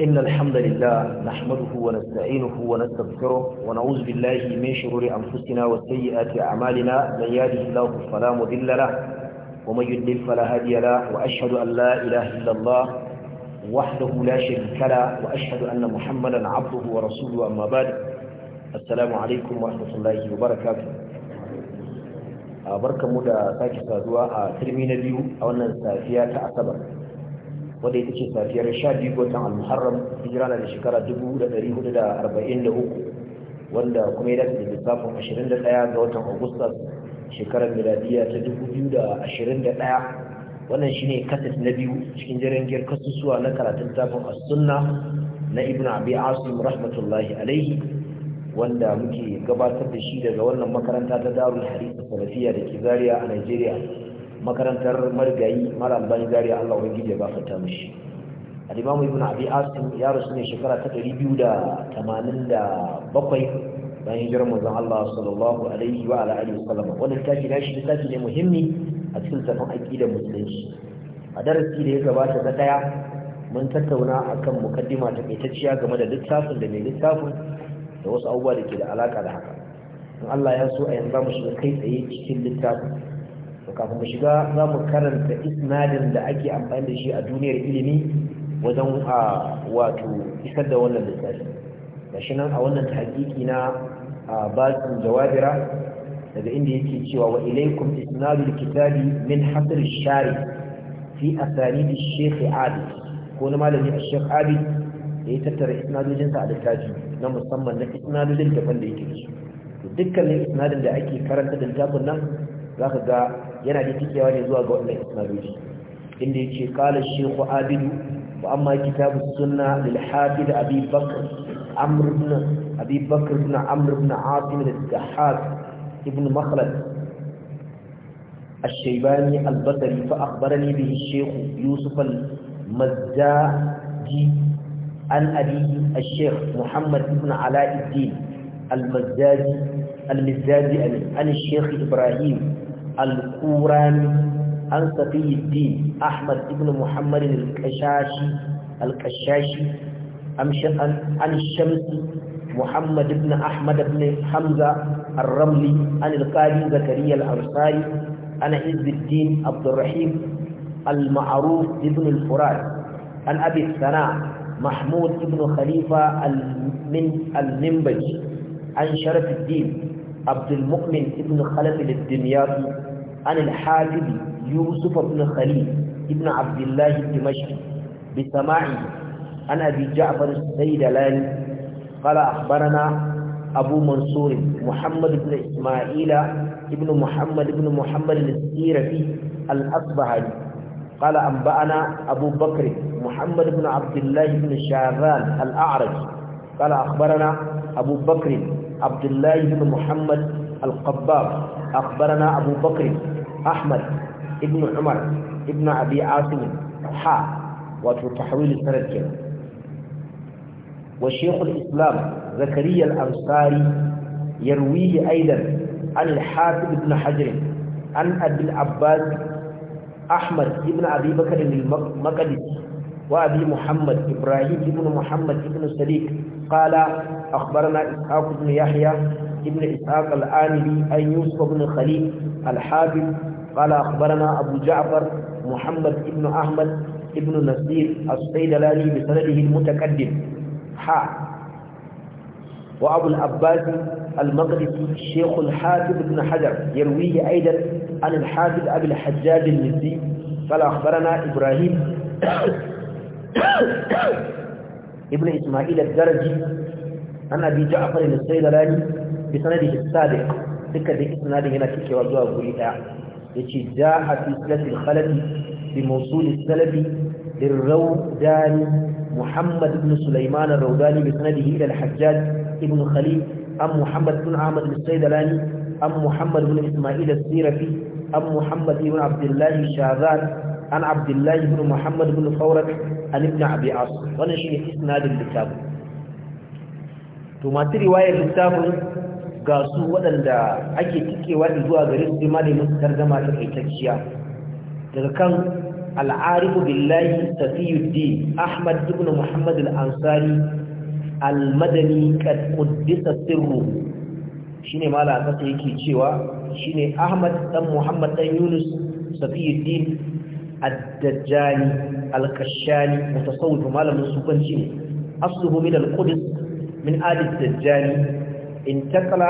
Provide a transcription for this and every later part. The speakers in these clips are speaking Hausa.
إن الحمد لله نحمده ونستعينه ونستغفره ونعوذ بالله من شرور أنفسنا وسيئات أعمالنا من يهده الله فلا مضل له ومن يضلل فلا هادي له وأشهد أن لا إله إلا الله وحده لا شريك له وأشهد أن محمدا عبده ورسوله أما بعد السلام عليكم ورحمة الله وبركاته barkanmu da sake saduwa a turmi na biyu a wannan safiya ta asabar wadda ita ce safiyar 12 ga watan al-muharram hijira na da shekara 1443 wanda kuma ya dace da lissafin 21 ga watan agusta shekarar miladiya ta 2021 wannan shine kasas na biyu cikin jirangiyar kasusuwa na karatun tafin as-sunna na ibn abi asim rahmatullahi alaihi wanda muke gabatar da shi daga wannan makaranta ta darul hadith Salafiya da ke zaria a Najeriya makarantar marigayi mara albani zariya Allah ubangiji ya gafarta mishi al-imam ibn abi asim ya rasu ne shekara ta 287 bayan hijirar manzon Allah sallallahu alaihi wa ala alihi wasallam wannan tashi na shi tashi ne muhimmi a cikin zafin aqidar musulunci a darasi da ya gabata na daya mun tattauna akan mukaddima ta kaitacciya game da littafin da mai littafin da wasu abubuwa da ke da alaka da haka in Allah ya so a yanzu mu shiga kai tsaye cikin littafin to kafin mu shiga za mu karanta isnadin da ake amfani da shi a duniyar ilimi wajen a wato isar da wannan lissafi gashi nan a wannan hakiki na basin jawabira daga inda yake cewa wa ilaikum isnadul kitabi min hasr shari fi asanid shaykh abi ko na malami shaykh abi da ya tattara isnadojin sa a littafi na musamman na isnadojin da da yake da su dukkanin isnadin da ake karanta da littafin nan zaka ga yana da tikewa ne zuwa ga wannan isnadoji inda yake kala shaykhu abidu wa amma kitabu sunna lil hafiz abi bakr amr ibn abi bakr ibn amr ibn Atim al-dhahhak ibn makhlad الشيباني البصري فأخبرني به الشيخ يوسف المزاجي عن أبيه الشيخ محمد بن علاء الدين المزاجي المزاجي عن الشيخ إبراهيم القوراني عن صفي الدين أحمد بن محمد الكشاشي الكشاشي عن الشمس محمد بن أحمد بن حمزة الرملي عن القاضي زكريا الأنصاري عن عز الدين عبد الرحيم المعروف ابن الفرات عن أبي الثناء محمود بن خليفة من المنبج عن شرف الدين عبد المؤمن ابن خلف للدمياط عن الحاجب يوسف بن خليل ابن عبد الله الدمشقي بسماعه عن أبي جعفر السيد السيدلاني قال أخبرنا أبو منصور محمد بن إسماعيل ابن محمد بن محمد في الأصبهاني قال أنبأنا أبو بكر محمد بن عبد الله بن شاذان الأعرج قال أخبرنا أبو بكر عبد الله بن محمد القباب أخبرنا أبو بكر أحمد ابن عمر ابن أبي عاصم حا وتحويل السند وشيخ الإسلام زكريا الأنصاري يرويه أيضا عن الحافظ بن حجر عن أبي العباس أحمد ابن أبي بكر المقدسي وأبي محمد إبراهيم بن محمد بن صديق قال أخبرنا إسحاق بن يحيى بن إسحاق الانبي أن يوسف بن خليل الحافظ قال أخبرنا أبو جعفر محمد بن أحمد بن نصير الصيدلاني بسنده المتقدم ح وأبو العباس المقدسي الشيخ الحافظ بن حجر يرويه أيضا عن الحافظ أبي الحجاج المزي قال أخبرنا إبراهيم ibn isma'il ad-daraji an abi ja'far al-sayyidani bi sanadihi as-sabiq duka da isnadin yana cikewa zuwa guri daya yace ja'a fi sanad al-khalafi bi mawsul al-salabi للروداني محمد بن سليمان الروداني بسنده إلى الحجاج ابن خليل أم محمد بن عامد السيدلاني أم محمد بن إسماعيل السيرفي أم محمد بن عبد الله الشاذان an abdullahi ibn muhammad ibn fawrat an ibn abi asu wannan shine isnadin littafin to masu riwayar littafin ga su waɗanda ake tikewa zuwa garin su ma da musu targama ta kaitacciya daga kan al'arifu billahi safiyuddin ahmad ibn muhammad al al-madani kad quddisa sirruhu shine mala kasa yake cewa shine Ahmad dan Muhammad dan Yunus Safiyuddin الدجاني الكشاني متصوف ما لم يسوقنشي أصله من القدس من آل الدجاني انتقل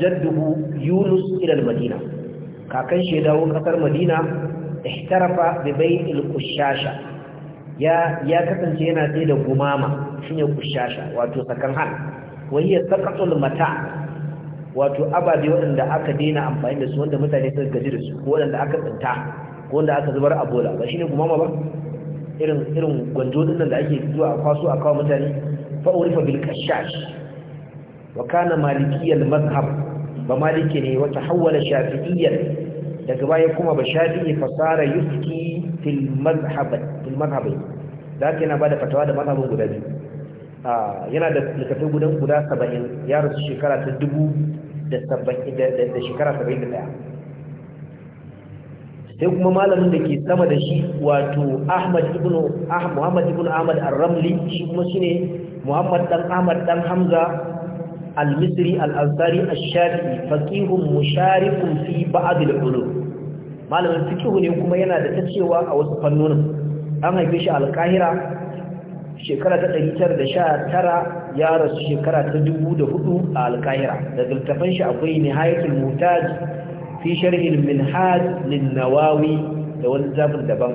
جده يونس إلى المدينة كاكن شهداو قطر مدينة احترف ببيع القشاشة يا يا كتن شينا تيدا غمامة شنو القشاشة واتو سكنهان وهي سقط المتاع wato ababe waɗanda aka daina amfani da su wanda mutane suka gaji da su ko waɗanda aka tsinta wanda aka zubar a bola ba shine gumama ba irin irin gwanjo din da ake zuwa a kwaso a kawo mutane fa urifa bil kashash wa kana malikiyal mazhab ba maliki ne wata hawala shafi'iyyan daga baya kuma ba shafi'i fasara yufti fil mazhab fil mazhabai da yana bada fatawa da mazhabin guda biyu yana da littafin gudan guda 70 ya rasu shekara ta 1000 da shekara 71 sai kuma malamin da ke sama da shi wato Ahmad ibn ah, Muhammad ibn Ahmad Ar-Ramli shi kuma shine Muhammad dan Ahmad dan Hamza Al-Misri Al-Ansari Ash-Shafi'i faqihun musharikun fi ba'd al-ulum malamin fiqh ne kuma yana da tacewa a wasu fannonin an haife shi al-Qahira shekara ta 1919 ya rasu shekara ta 2004 a al-Qahira da littafin shi akwai Nihayatul Mutaj fi sharhil minhaj lin nawawi da wani zafin daban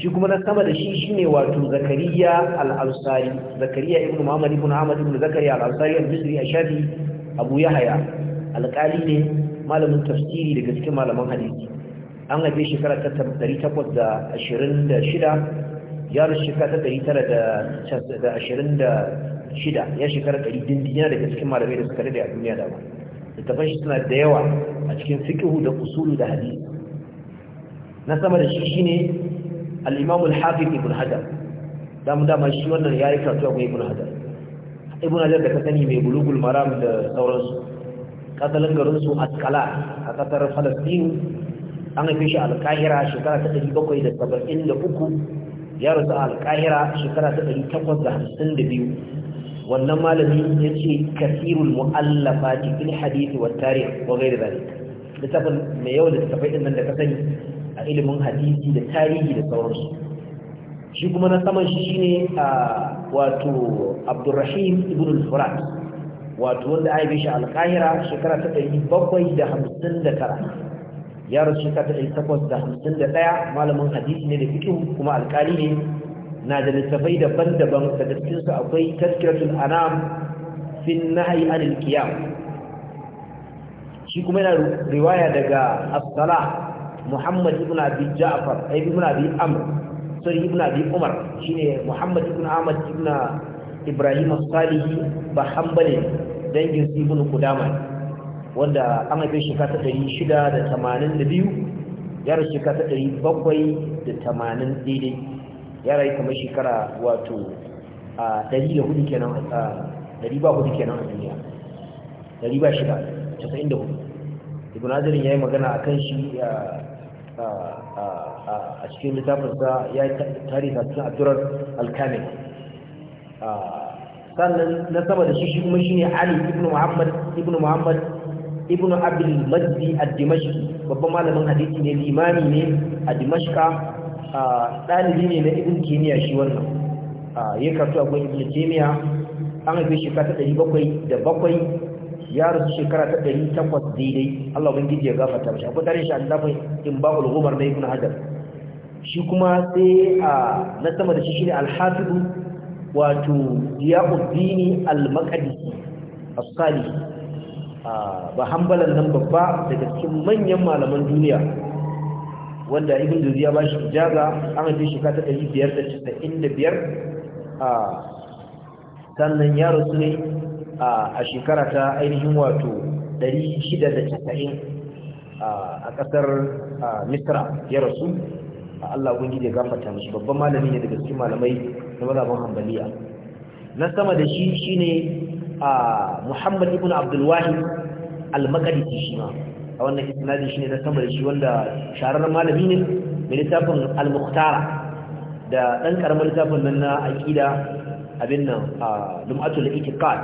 shi kuma na sama da shi shine wato zakariya al-ansari zakariya ibnu muhammad ibnu ahmad ibnu zakariya al-ansari al-misri ashadi abu yahya alƙali ne malamin tafsiri daga cikin malaman hadisi an haife shekara ta 826 ya rasu shekara ta 926 ya shekara 100 dindina daga cikin malamai da suka rade a duniya da ba littafan shi suna da yawa a cikin fiqhu da usulu da hadisi na sama da shi shine al-imam al-hafiz ibn hajar damu dama shi wannan yi karatu a ibn hajar ibn hajar da ka sani mai bulugul maram da sauransu kasalin garinsu a askala a kasar falastin an haife shi alkahira shekara ta 773 ya rasu a alkahira shekara ta 852 wannan malamin ya ce kasirul mu'allafa cikin hadisi wa tarihi ko wa gairi zalika littafin mai yawan da tafai din nan da ka sani a ilimin hadisi da tarihi da sauransu shi kuma na saman shi shine a wato Abdurrahim ibn al-Furat wato wanda aka yi shi al-Qahira shekara ta bakwai da hamsin da tara. rasu shekara ta da ɗaya malamin hadisi ne da fiqh kuma alƙali ne na da littafai daban-daban daga cikinsu akwai taskiratul anam fin nahi anil qiyam shi kuma yana riwaya daga as sala muhammad ibn abi ja'far ay eh, ibn abi amr sai ibn abi umar shine muhammad ibn ahmad ibn ibrahim as salih ba hanbali dangin ibn qudama wanda an haife shi ta 682 ya rasu ta 780 daidai ya rayu kamar shekara wato a hudu kenan a 104 kenan a duniya da hudu. ibn ya yi magana a kan shi a cikin littafinsa ya yi tarihi a cikin abdurar alkamil sannan na sama da shi shi kuma shi ne ali ibn muhammad ibn muhammad ibn abil maddi a dimashki babban malamin hadisi ne limani ne a dimashka ɗalibi ne na ibn kimiyya shi wannan ya kartu a gwan ibn kimiyya an haife shekara ta ɗari bakwai da bakwai ya rasu shekara ta ɗari takwas daidai allah ubangiji ya gafarta mashi akwai tarihin shi an zafin in ba ulhumar na ibn hajar shi kuma sai a na sama da shi shi ne alhafidu wato diyakuddini al-maqdisi as-salih ba hambalan nan babba daga cikin manyan malaman duniya wanda ibn juzi ya bashi ijaza an haife shi ka ta ɗari a sannan ya rasu ne a shekara ta ainihin wato ɗari shida da a ƙasar misra ya rasu Allah gungi da gafata mashi babban malami ne daga cikin malamai na mazaban hambaliya na sama da shi shine a muhammad ibn Abdulwahi al-maqdisi shi ma a wannan isnadi shine na sama da shi wanda shahararren malami ne mai littafin al-muqtara da dan karamar littafin nan na aqida abin nan a lum'atul itiqad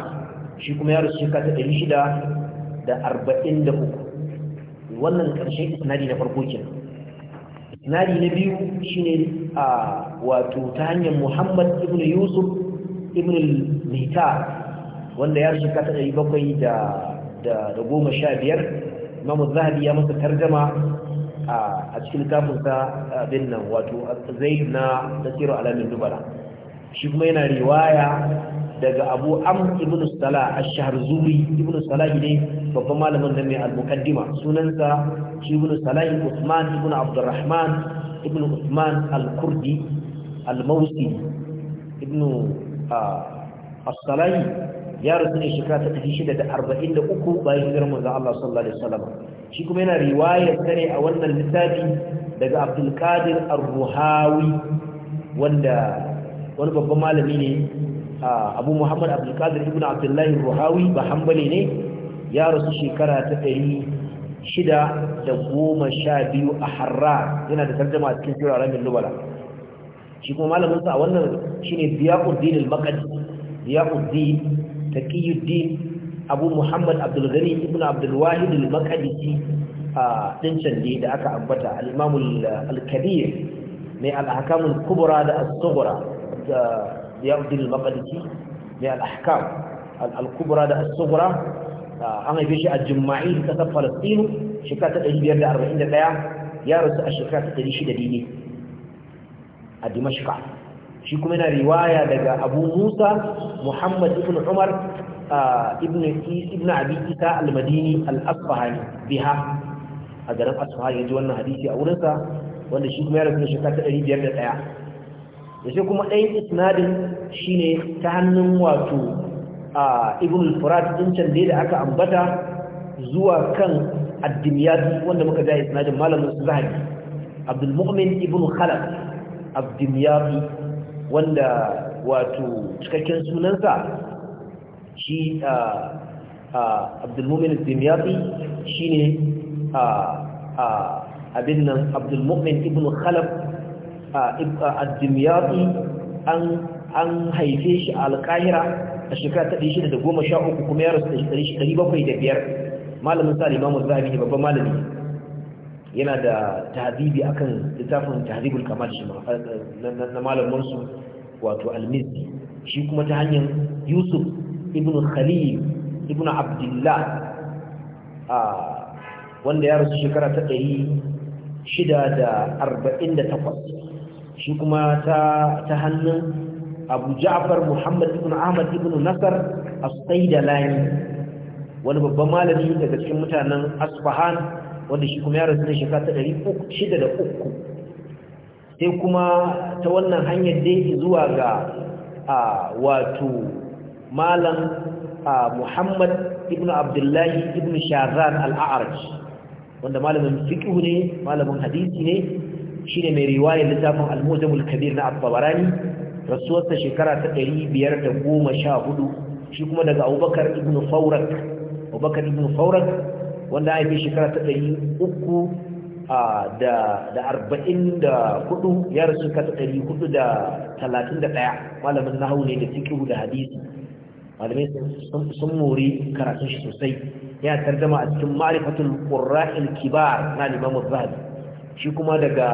shi kuma ya rusu shekara 643 wannan karshen isnadi na farko kenan isnadi na biyu shine a wato ta hanyar Muhammad ibn Yusuf ibn al-Mita wanda ya rusu shekara biyar. imam zahabi ya masa tarjama a cikin kafinsa abin nan wato zai na nasiru alamin dubara shi kuma yana riwaya daga abu am ibn sala ash-shahr zuri ibn sala ne babban malamin nan mai al-muqaddima sunansa shi ibn sala usman ibn abdurrahman ibn usman al-kurdi al-mawsi ibn as-salahi ya rasu ne shekara ta shida da da arba'in uku bayan hijirar manzo Allah sallallahu alaihi wasallam shi kuma yana riwaya ne a wannan littafi daga Abdul Qadir Ar-Ruhawi wanda wani babban malami ne Abu Muhammad Abdul Qadir ibn abdullahi ruhawi ba hanbali ne ya rasu shekara ta ɗari shida da goma sha biyu a harra yana da tarjuma cikin sura Ramin Lubala shi kuma malamin sa a wannan shine Diyaquddin al-Maqdisi Diyaquddin taqiyuddin abu muhammad abdul ghani ibn abdul wahid al maqdisi din canje da aka ambata al imam al kabir mai al ahkam al kubra da as sughra da ya abdul maqdisi mai al ahkam al kubra da as sughra an haife shi a juma'i kasar falastinu shekara ta 541 ya rasu a shekara ta 600 daidai a dimashqa shi kuma yana riwaya daga abu musa muhammad ibn umar ibn abi isa al-madini al-asfahani biha a garin asfahani ya wannan hadisi a wurinsa wanda shi kuma ya rasu da shekara ta da shi kuma ɗayan isnadin shine ta hannun wato ibn al-furat din can da aka ambata zuwa kan ad wanda muka ga isnadin malamin zahabi zahari mu'min ibn khalaf ad wanda wato cikakken sunansa shi abdulmumin dimyafi shi ne abin nan abdulmumin ibn khalaf dimyafi an haife shi a alkahira a shekara ta 613 kuma ya rasu da 705 malamin sa limamun zahabi ne babban malami yana da tahzibi akan littafin tahzibul kamal shi eh, na malam wato al shi kuma ta hanyar Yusuf ibn Khalil ibn Abdullah wanda ya rasu shekara ta takwas. shi kuma ta hannun Abu Muhammad ibn Ahmad ibn Nasar as Lami, wani babban malami daga cikin mutanen Asfahan wanda shi kuma ya rasu da shekara ta ɗari shida da uku sai kuma ta wannan hanyar dai zuwa ga wato malam muhammad ibn abdullahi ibn shazan al'arj wanda malamin fiƙihu ne malamin hadisi ne shi ne mai riwayar littafin al kabir na abbabarani rasuwarsa shekara ta ɗari biyar da goma sha hudu shi kuma daga abubakar ibn faurak abubakar ibn faurak wanda ya haife shekara ta ɗari uku da arba'in da hudu ya rasu shekara ta ɗari hudu da talatin da ɗaya malamin nahawu ne da fikihu da hadisi malamai sun mori karatun shi sosai ya tarjama a cikin ma'rifatul qurra'il kibar na limamu zahabi shi kuma daga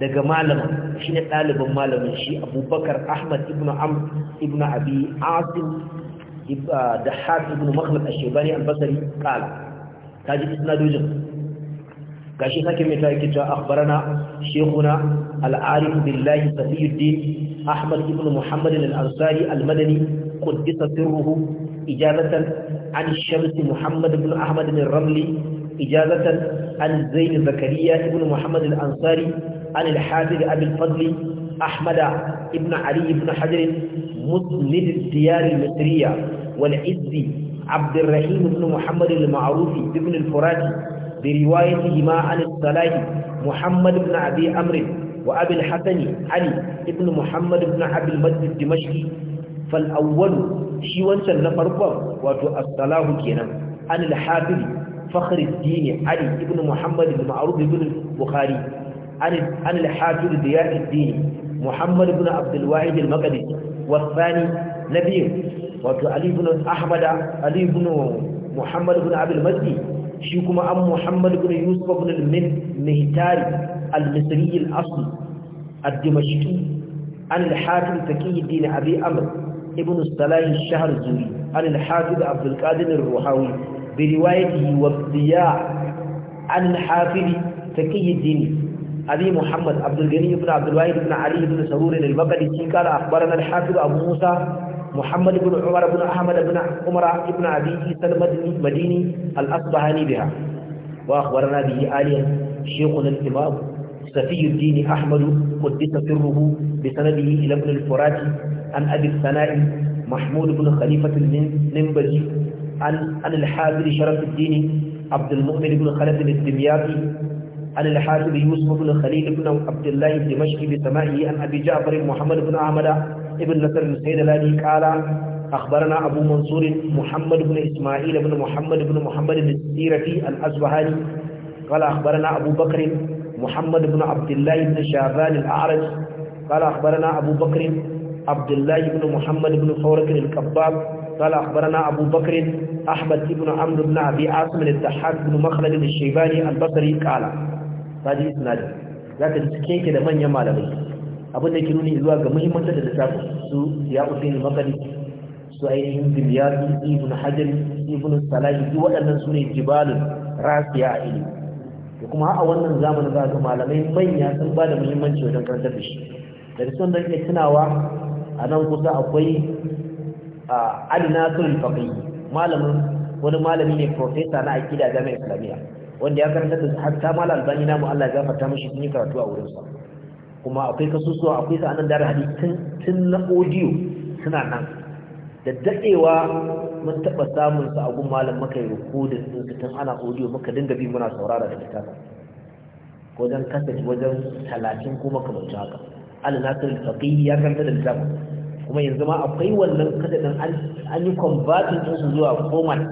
daga malamin ne ɗalibin malamin shi abubakar ahmad ibn amr ibn abi asim da ibn makhlad ash-shaybani al-basri kaji isnadojin gashi sake mai ta yake cewa akhbarana shaykhuna al-arif billahi safiyuddin ahmad ibn muhammad al-ansari al-madani qaddisa sirruhu ijazatan an shamsi muhammad ibn ahmad al-ramli ijazatan an zain zakariya ibn muhammad al-ansari an al-hafiz abi al-fadl احمد ابن علي بن حجر مسند الديار المصريه عبد الرحيم بن محمد المعروف بن الفراتي بروايتهما عن الصلاح محمد بن أبي أمر وأبي الحسن علي بن محمد بن أبي المجد الدمشقي فالأول شي وانسان نفرقا واتو الصلاح كينا عن الحافظ فخر الدين علي بن محمد المعروف بن البخاري عن الحافظ ضياء الدين محمد بن عبد الواحد المقدسي والثاني نبيه wato alibun ahmada alibun muhammadu bin abilmadi shi kuma an muhammadu bin yusuf bin min mehitari al-misriyin asu al-dimashiki al-hafin taƙiyar dina abin amur ibn salahin shahar zuri al-hafin da abdulkadirin ruhawi bi riwayati wa biya al-hafin taƙiyar dini abin muhammadu abdulgani ibn abdulwahid ibn ali ibn sarurin al-bakari cikin kala akbaran al-hafin abu musa محمد بن عمر بن أحمد بن عمر بن أبي عيسى المديني الأصبهاني بها وأخبرنا به آليا شيخنا الإمام سفي الدين أحمد قدس سره بسنده إلى ابن الفرات عن أبي الثناء محمود بن خليفة النمبري عن عن الحافظ شرف الدين عبد المؤمن بن خلف الدمياطي عن الحافظ يوسف بن خليل بن عبد الله الدمشقي بسمائه عن أبي جعفر محمد بن أحمد ابن نصر السيدلاني قال أخبرنا أبو منصور محمد بن إسماعيل بن محمد بن محمد السيرفي الأزبهاني قال أخبرنا أبو بكر محمد بن عبد الله بن شعبان الأعرج قال أخبرنا أبو بكر عبد الله بن محمد بن فورك الكباب قال أخبرنا أبو بكر أحمد بن عمرو بن أبي عاصم الضحاك بن مخلد الشيباني البصري قال هذه إسناده ذاك السكين كده من يمال بيه abin da ke nuni zuwa ga muhimmanci da littafin su ya usaini makari su ainihin biliyadu ibn hajar ibn salahi duk waɗannan su ne jibalin rasiya a ilimi da kuma a wannan zamanin za ga malamai manya sun ba da muhimmanci wajen karantar da shi da sun da ke tunawa a nan kusa akwai alinatul faqihi malamin wani malami ne profesa na akida jami'a islamiyya wanda ya karanta da hatta mal albani namu Allah ya gafarta mishi sun yi karatu a wurinsa kuma akwai kasusuwa akwai anan da hadisi tun na audio suna nan da dadewa mun taba samun su a gun malam maka yi recording din su tun ana audio muka dinga bi muna saurara da littafin wajen kasance wajen talatin kuma kamar haka al-nasir faqih ya karanta da littafin kuma yanzu ma akwai wannan kada kadadin an yi converting din su zuwa format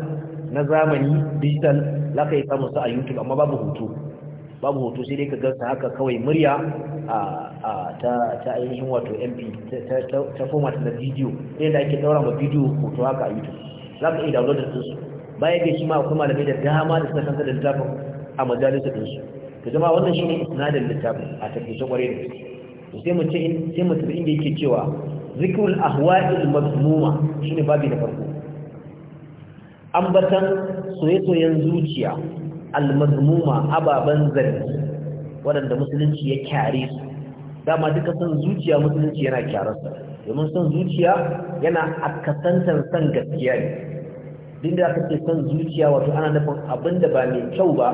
na zamani digital laka kai samu su a YouTube amma babu hoto babu hoto sai dai ka gansa haka kawai murya ta ainihin wato mp ta format na Sai da ake daura ma bidiyo hoto haka a youtube za ka iya downloadin su baya ga shi ma akwai malamai da dama da suka kanta da littafin a majalisar ɗinsu ka zama wannan shi ne sinadar littafin a tafiye kwarai da su sai mu ce sai mu tafi inda yake cewa zikirul ahwa'il mazmuma shine babi na farko ambatan soye zuciya almazmuma ababan zargi waɗanda musulunci ya kyare su dama duka son zuciya musulunci yana kyararsa domin son zuciya yana akasantar son gaskiya ne duk da aka ce son zuciya wato ana nufin abin da ba mai kyau ba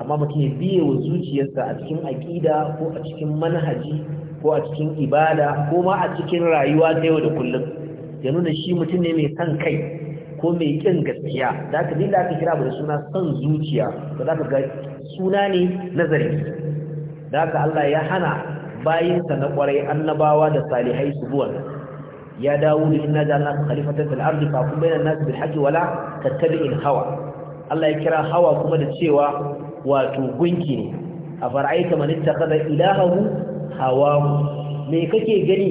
amma mutum ya biye wa zuciyarsa a cikin aƙida ko a cikin manhaji ko a cikin ibada ko ma a cikin rayuwa ta yau da kullum ya nuna shi mutum ne mai son kai ko mai ƙin gaskiya da aka dinda aka kira da suna son zuciya za ka ga suna ne na zargi da aka Allah ya hana bayinsa na ƙwarai annabawa da salihai su buwan ya dawo da inna da Allah khalifatan fil ardi fa kun bayyana nasu bil haqqi wala tattabi'il hawa Allah ya kira hawa kuma da cewa wato gunki ne a fara'aita man ittakhadha ilahahu hawahu me kake gani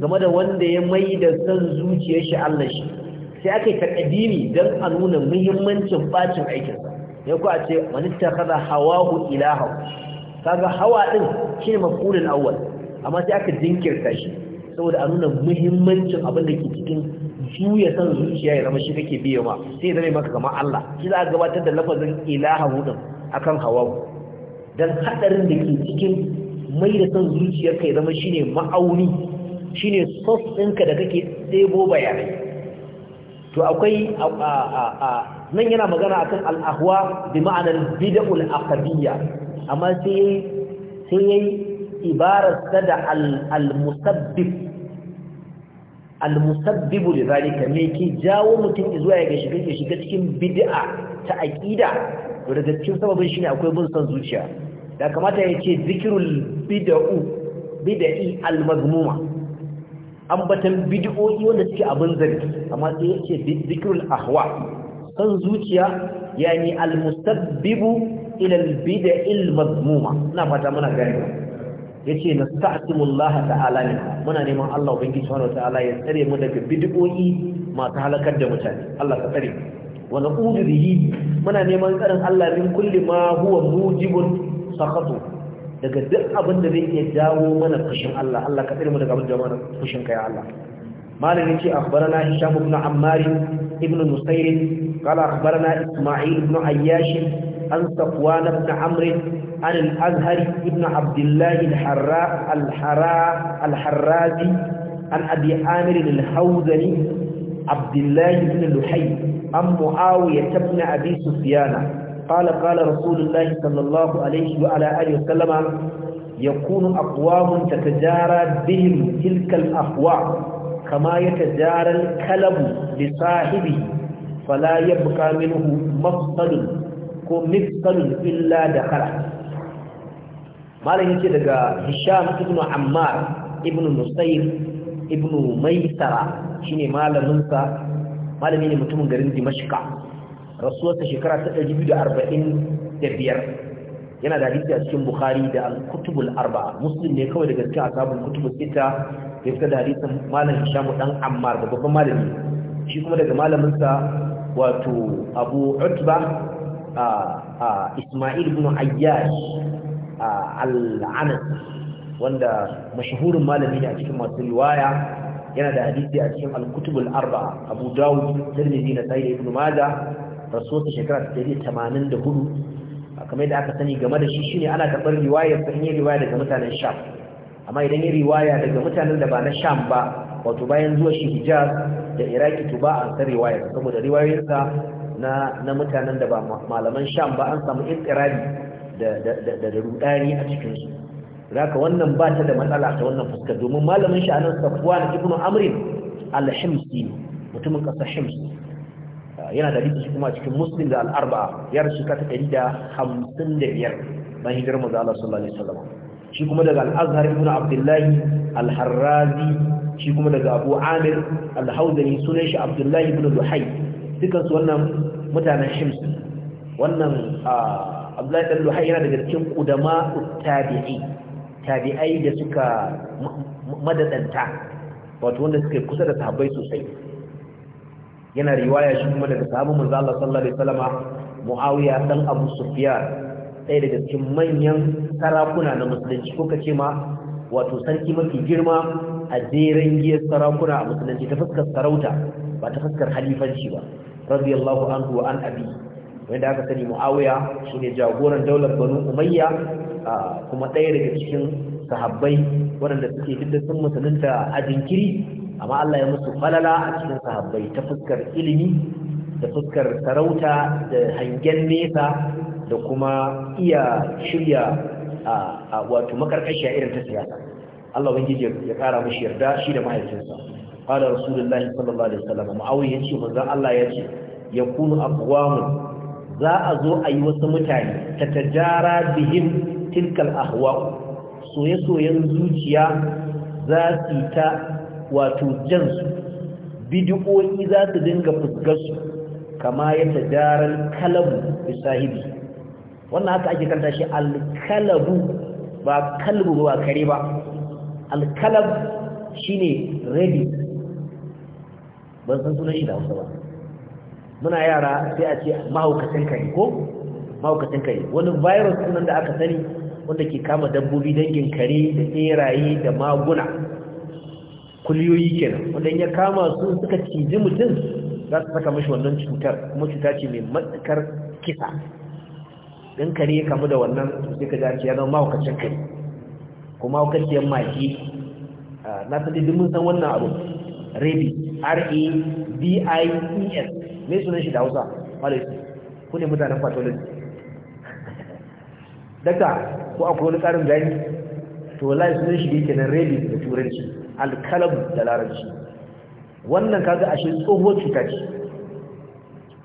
game da wanda ya mai da san zuciyar shi Allah shi sai aka yi takadiri don a nuna muhimmancin bacin aikinsa ya ku a ce manista kaza hawahu ilahau kaga hawa ɗin shine mafulul awwal amma sai aka jinkirta shi saboda a nuna muhimmancin abin da ke cikin juya san zuciya ya zama shi kake biya ma sai zama maka kama Allah shi za a gabatar da lafazin ilahu din akan hawahu dan haɗarin da ke cikin mai da san zuciyarka ya zama shine ma'auni shine sos ɗinka da kake tsebo bayanai to akwai nan yana magana akan al'ahuwa bi ma'anar bid'ul aqdiyya amma sai sai yayi ibarar sada al-musabbib al-musabbib lidhalika me ke jawo mutum zuwa ya shiga shiga cikin bid'a ta aƙida daga cikin sababin ne akwai bin san zuciya da kamata ya ce zikirul bid'u bid'i al-mazmuma ambatan bid'o'i wanda suke abin zargi amma sai yake zikrul ahwa san zuciya yani almustabbibu ila albid'il mazmuma ina fata muna gani yace nasta'timullah ta'ala ne muna neman Allah ubangiji subhanahu ta'ala ya tsare mu daga bid'o'i masu halakar da mutane Allah ka tsare wa na'udhu bihi muna neman tsarin Allah min kulli ma huwa mujibun sakatu daga duk abin da zai iya dawo mana fushin Allah Allah ka tsare mu daga abin da mana fushin kai Allah malami ce akhbarana hisham ibn ammar ibn nusayr qala akhbarana isma'il ibn ayyash an safwan ibn amr an al-azhar ibn abdullah al-harra al-harra al-harrazi an abi amir al-hawzani abdullah ibn luhay an muawiya ibn abi sufyan قال قال رسول الله صلى الله عليه وعلى آله وسلم يكون أقوام تتجارى بهم تلك الأقوام كما يتجارى الكلب لصاحبه فلا يبقى منه مفصل كمفصل إلا دخله malam yake daga Hisham ibn Ammar ibn Nusayr ibn Maisara shine malamin sa malami ne mutumin garin Dimashqa rasuwarsa shekara ta 245 yana da hadisi a cikin bukhari da al-kutubul arba'a muslim ne kawai da gaske a sabon kutubul sita ya da hadisin malam hishamu dan ammar da babban malami shi kuma daga malaminsa wato abu utba isma'il ibn ayyash al-anas wanda mashhurin malami ne a cikin masu riwaya yana da hadisi a cikin al-kutubul arba'a abu dawud tirmidhi na sahih ibn majah rasuwarsa shekara ta ɗari tamanin da hudu kamar yadda aka sani game da shi shine ana karɓar riwayar sa in yi riwaya daga mutanen sham amma idan yi riwaya daga mutanen da ba na sham ba wato bayan zuwa shi hijaz da iraki to ba an san riwayar saboda riwayoyinsa na na mutanen da ba malaman sham ba an samu in da da da rudani a cikin su zaka wannan ba ta da matsala ta wannan fuskar domin malamin shi anan Safwan ibn Amr al-Himsi mutumin kasar himsi yana da hadisi kuma cikin muslim da al'arba arbaa ya rasu ka ta 155 bayan hijirar manzo Allah sallallahu alaihi wasallam shi kuma daga al-azhar ibn abdullahi al-harrazi shi kuma daga abu amir al-haudani sunan shi abdullahi ibn luhay dukansu wannan mutanen shims wannan abdullahi ibn luhay yana daga cikin qudama tabi'i tabi'ai da suka madadanta wato wanda suka kusa da sahabbai sosai yana riwaya shi kuma daga sahabin manzo Allah sallallahu alaihi wasallam Muawiya dan Abu Sufyan ɗaya daga cikin manyan sarakuna na musulunci ko kace ma wato sarki mafi girma a jerin giyar sarakuna a musulunci ta fuskar sarauta ba ta fuskar halifanci ba radiyallahu anhu wa an abi wanda aka sani Muawiya shine jagoran daular Banu Umayya kuma ɗaya daga cikin sahabbai waɗanda suke fitar sun musulunta a jinkiri amma Allah ya musu falala a cikin sahabbai ta fuskar ilimi da fuskar sarauta da hangen nesa da kuma iya shirya a wato makarkashiya irin ta siyasa Allah ubangiji ya kara mushi yarda shi da mahaifinsa qala rasulullahi sallallahu alaihi wasallam ma'awi yace manzo Allah yace yakunu aqwamu za a zo a yi wasu mutane ta tajara bihim tilkal ahwa soye-soyen zuciya za su ta wato jansu bidiyoyi za su dinga fuskarsu kama yadda daren kalabu da sahibi wannan haka ake kanta shi alkalabu ba kalbu ba kare ba alkalab shine ready ban san sunan shi da hausa ba muna yara sai a ce mahaukacin kare ko mahaukacin kare wani virus sunan da aka sani wanda ke kama dabbobi dangin kare da tseraye da maguna kuliyoyi kenan wanda ya kama su suka ciji mutum za su saka mashi wannan cutar kuma cuta ce mai matsakar kisa ɗin kare kamu da wannan sai ka dace ya zama mahaukacin kare ko mahaukaciyar maki na sadi duk mun san wannan abu rabi r-a-b-i-e-s mai sunan shi da hausa malaisi ku ne mutanen patolin daga ko akwai wani tsarin gani to lai sunan shi da yake nan rabi da turanci Alkalam da larabci wannan kaga ashe tsohuwar cuta ce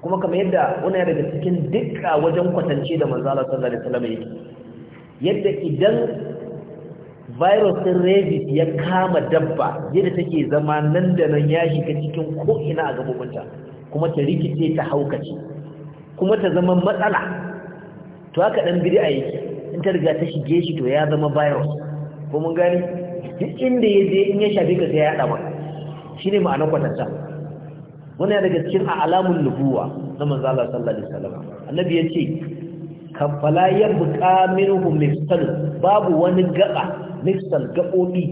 kuma kamar yadda wani daga cikin dukka wajen kwatance da manzo Allah sallallahu alaihi wasallam yake yadda idan virus din rabies ya kama dabba yadda take zama nan da nan ya shiga cikin ko'ina ina a gabobinta kuma ta rikice ta haukace kuma ta zama matsala to haka dan bid'a yake in ta riga ta shige shi to ya zama virus ko mun gani duk inda ya je in ya shafe ka sai ya haɗa maka shi ne ma'anar kwatanta wani ya daga cikin alamun nubuwa na Allah sallallahu alaihi wasallam annabi ya ce kafala ya buƙa minhum mifsal babu wani gaba mifsal gabobi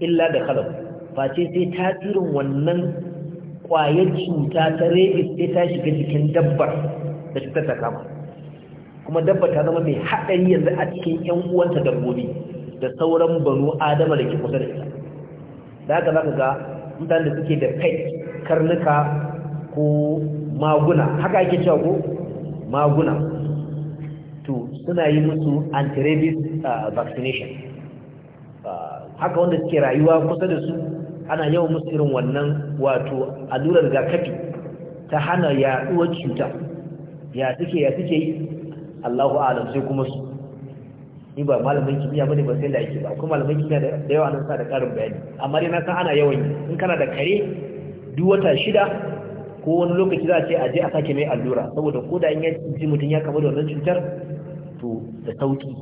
illa da kalam face sai tasirin wannan ƙwayar cuta ta rebi sai ta shiga cikin dabbar da ta kuma dabba ta zama mai haɗari yanzu a cikin ƴan uwanta dabbobi da sauran banu adama da ke kusa da ita da haka zaka ga mutane da suke da kai karnuka ko maguna haka ake cewa ko maguna to suna yi musu anti uh, vaccination uh, haka wanda suke rayuwa kusa da su ana yawan musu irin wannan wato allurar rigakafi ta hana yaduwar cuta ya suke ya suke yi Allahu alam sai kuma su ni ba malamin kimiyya bane ba sai da yake ba kuma malamin kimiyya da yawa nan sa da karin bayani amma dai na san ana yawan yi in kana da kare duk wata shida ko wani lokaci za a ce a je a sake mai allura saboda ko da in ya ji mutum ya kamu da wannan cutar to da sauki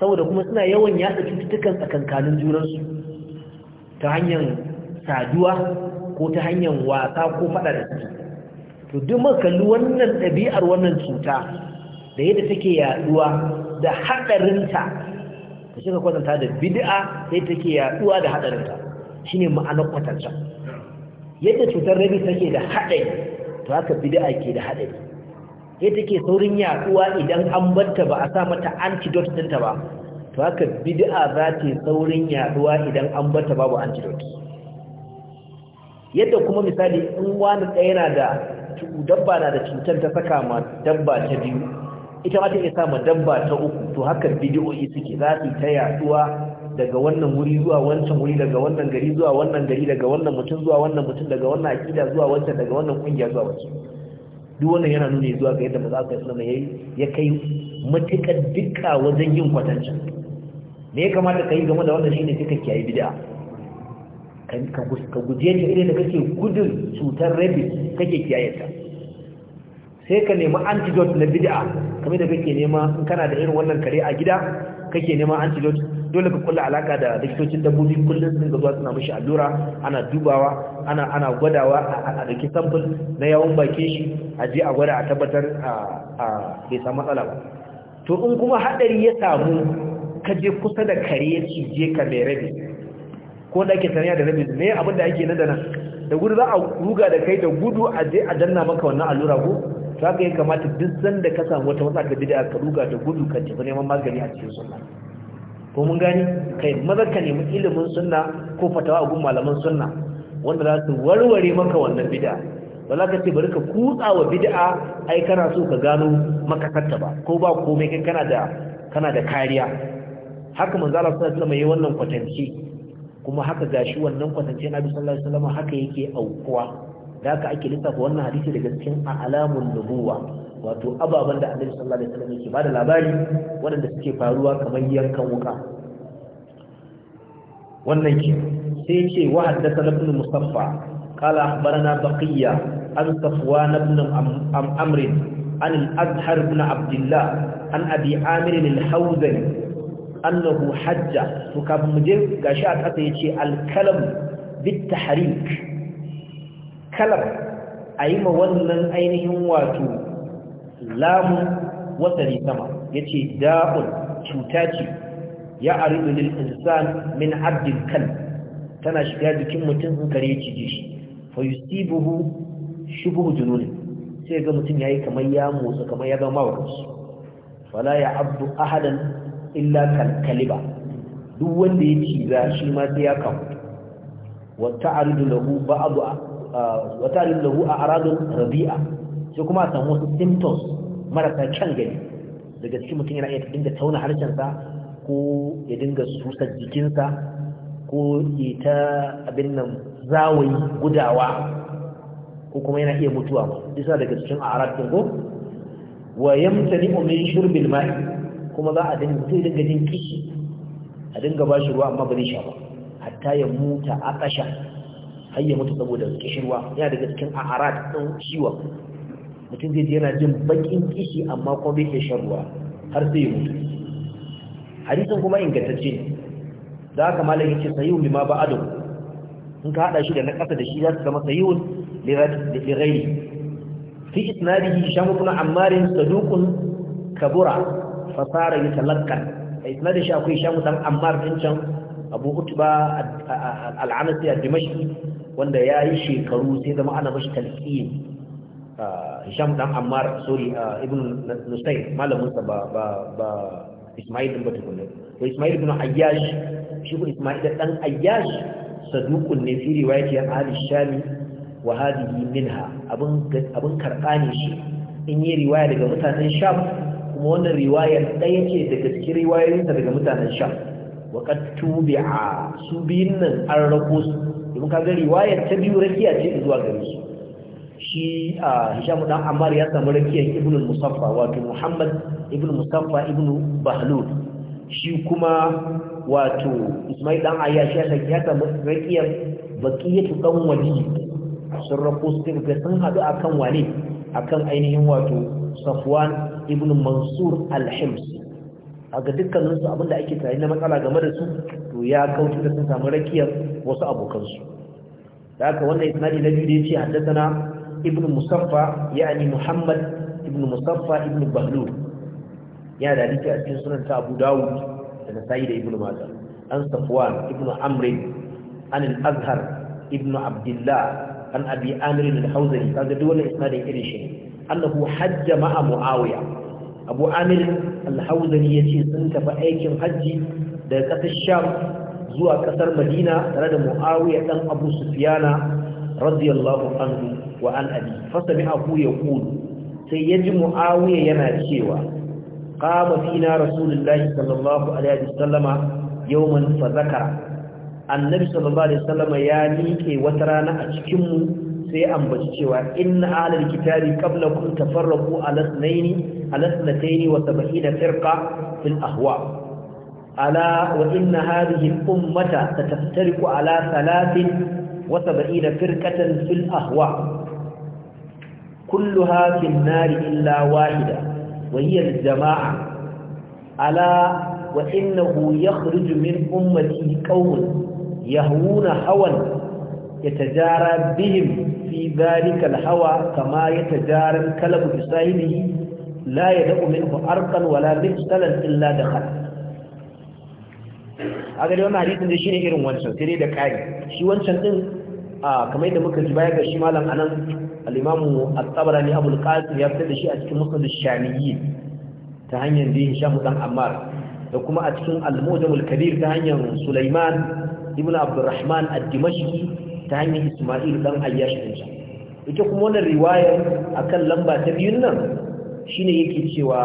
saboda kuma suna yawan yaɗa cututtukan tsakankanin junansu ta hanyar saduwa ko ta hanyar wasa ko faɗa da su to duk kalli wannan ɗabi'ar wannan cuta da yadda take yaɗuwa da haɗarinta da shi ka kwatanta da bid'a sai take yaduwa da haɗarinta shi ne ma'anar kwatanta yadda cutar rabi take da haɗari to haka bid'a ke da haɗari sai take saurin yaduwa idan an barta ba a sa mata antidote dinta ba to haka bid'a za ta saurin yaduwa idan an batta babu antidote yadda kuma misali in wani ɗaya na da dabba na da cutar ta saka ma dabba ta biyu ita ma ta iya ma dabba ta uku to haka bidiyoyi suke za su ta yaduwa daga wannan wuri zuwa wancan wuri daga wannan gari zuwa wannan gari daga wannan mutum zuwa wannan mutum daga wannan akida zuwa wancan daga wannan kungiya zuwa wancan duk wannan yana nuni zuwa ga yadda maza aka sunan yayi ya kai matukar dukka wajen yin kwatanta me ya kamata kai game da wannan shine kika kiyaye bid'a kan ka guje ta irin da kake gudun cutar rabi kake kiyaye ta sai ka nemi antidote na bid'a kamar da kake nema in kana da irin wannan kare a gida kake nema antidote dole ka kula alaka da likitocin dabbobi kullum sun ga zuwa suna mishi allura ana dubawa ana ana gwadawa a dake sample na yawon bakin shi a je a gwada a tabbatar a bai samu matsala ba to in kuma hadari ya samu ka je kusa da kare ya cije ka mai rabi ko da ke sanya da rabi ne abin da ake nan da nan da gudu za a ruga da kai da gudu a je a danna maka wannan allura ko ta ga ya kamata duk sanda ka samu wata matsala ta bid'a ka ruga da gudu ka tafi neman magani a cikin sunna ko mun gani kai maza ka nemi ilimin sunna ko fatawa a gun malaman sunna wanda za su warware maka wannan bid'a ba za ka ce bari ka kutsa wa bid'a ai kana so ka gano makakarta ba ko ba komai kai kana da kana da kariya haka manzo Allah sallallahu alaihi wasallam yayi wannan kwatanci kuma haka gashi wannan kwatance na bi sallallahu alaihi wasallam haka yake aukuwa da haka ake lissafa wannan hadisi daga cikin alamun nubuwa wato ababen da annabi sallallahu alaihi wasallam yake bada labari waɗanda suke faruwa kamar yankan wuka wannan ke sai ce wa haddatha ibn musaffa qala akhbarana baqiya an safwan ibn amr an al-azhar ibn abdullah an abi amir al-hawzani annahu hajja to kafin mu je gashi a kasa yace al-kalam bit tahrik kalam a yi ma wannan ainihin wato lamun wasari sama ya ce da'un cuta ce ya aridu insan min abdil kal tana shiga jikin mutum in ya cije shi fa yusibuhu shubuhu jununi sai ga mutum yayi kamar ya motsa kamar ya zama wakansu fala ya abdu ahadan illa kalkaliba duk wanda ya ciza shi ma sai ya kamu wa ba lahu ba'du wata lahu a aradun rabi'a sai kuma a samu wasu symptoms marasa kyan gani daga cikin mutum yana iya dinga tauna harshensa ko ya dinga susar jikinsa ko ya abin nan zawayi gudawa ko kuma yana iya mutuwa isa daga cikin a'arab din ko wa yamtani min shurbil ma'i kuma za a dinga sai dinga jin kishi a dinga bashi ruwa amma ba zai sha ba hatta ya muta a kasha har ya mutu saboda kishirwa yana daga cikin aharat ɗin ciwon mutum zai yana jin bakin kishi amma kuma bai iya shan har sai ya mutu hadisin kuma ingantacce ne da haka malam yace sayyun bima ba'adu in ka haɗa shi da na ƙasa da shi za su zama sayyun li ghairi fi isnadihi shamu ibn ammar saduqun kabura fasara fa sara yatalaqqa isnadin shi akwai shamu dan ammar din can abu utba al-anasi ad-dimashqi wanda ya yi shekaru sai zama ana mashi talqiyin ah, Hisham dan Ammar sorry ah, Ibn Nusayr malamin sa ba ba ba Ismail ibn Batukunne to Ismail ibn Ayyash shi ko Ismail dan Ayyash saduqun ne fi riwayati ahli shami wa hadhihi minha abun abun karɓa ne shi in yi riwaya daga mutanen sham kuma wannan riwayar ɗaya ce da cikin riwayoyinsa daga mutanen sham waƙat tubi'a su biyun nan an rako su domin ka gari wayar ta biyu rakiya ce zuwa gare shi a hisham dan amar ya samu rakiyar ibnu musaffa wato muhammad ibnu musaffa ibnu bahlul shi kuma wato ismail dan shi ya samu rakiyar baqiyatu dan wali sun rako su sun hadu akan wani akan ainihin wato safwan ibnu mansur al-hims a ga dukkaninsu abinda ake tare na matsala game da su to ya kauce da sun samu rakiyar wasu abokansu da haka wannan isnadi na biyu da yace haddathana ibn musaffa yani muhammad ibn musaffa ibn bahlul ya da hadisi a cikin sunan ta abu dawud da na nasai da ibn majah an safwan ibn Amri, an al-azhar ibn abdullah an abi amir al-hawzari kaga gado wannan isnadin irin shi annahu hajja ma'a muawiya abu amir al-hawzari yace sun tafi aikin Hajji daga kasar sham zuwa kasar madina tare da muawiya dan abu sufyana radiyallahu anhu wa an abi ya kudu. sai yaji muawiya yana cewa qama fina rasulullahi sallallahu alaihi wasallama yawman fa zakara annabi sallallahu alaihi wasallama ya nike wata rana a cikinmu mu sai ambaci cewa inna ahlal kitabi qablakum tafarraqu ala ithnaini ala ithnataini wa sab'ina firqa fil ahwa ala wa inna hadhihi ummata taftariqu ala 73 firqatan fil ahwa kulluha fil nar illa wahida wa hiya al jamaa ala wa innahu yakhruju min ummati qaumun yahuna hawan yatajara bihim fi dhalika al hawa kama yatajara al kalbu bi sahibihi la yad'u minhu arqan wala mithlan illa dakhala kaga wani wannan hadisin shi ne irin wancan sai dai da ƙari shi wancan din kamar yadda muka ji baya ga shi malam anan al-imamu at-tabarani abul qasim ya fitar da shi a cikin musnad ash-shamiyyi ta hanyar da hisham dan ammar da kuma a cikin al-mujam al-kabir ta hanyar sulaiman ibn abdurrahman ad-dimashqi ta hanyar isma'il dan ayyash din ita kuma wannan riwaya akan lamba ta biyun nan shine yake cewa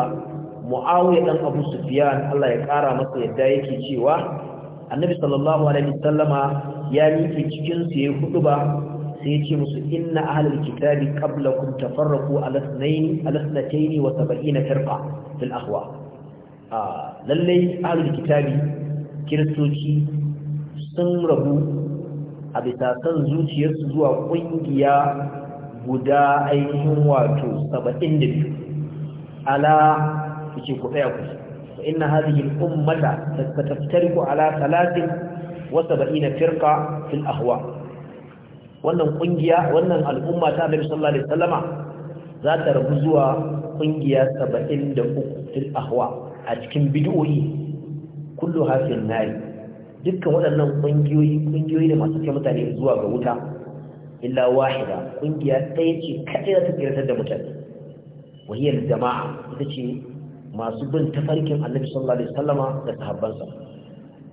muawiya dan abu sufyan Allah ya kara masa yadda yake cewa annabi sallallahu alaihi Sallama ya miƙe cikin su yayin ba, sai ce musu inna ahlul kitabi qablakum tafarraqu ala ithnayn ala ithnatayn wa 70 firqa fil ahwa ah, lalle ahlul kitabi kiristoci sun rabu a bisa kan zuciyarsu zuwa kungiya guda ainihin wato 72 ala kuce ku tsaya ku وإن هذه الأمة ستفترق على ثلاث وسبعين فرقة في الأهواء wannan kungiya wannan al'umma ta Annabi sallallahu alaihi wasallama za ta rabu zuwa kungiya 73 fil ahwa a cikin bid'o'i kullu Hafin nari dukkan waɗannan kungiyoyi kungiyoyi da masu kai mutane zuwa ga wuta illa wahida kungiya ɗaya ce kadai za ta tsiratar da mutane wahiyar jama'a ita ce masu bin tafarkin annabi sallallahu alaihi wasallama da sahabbansa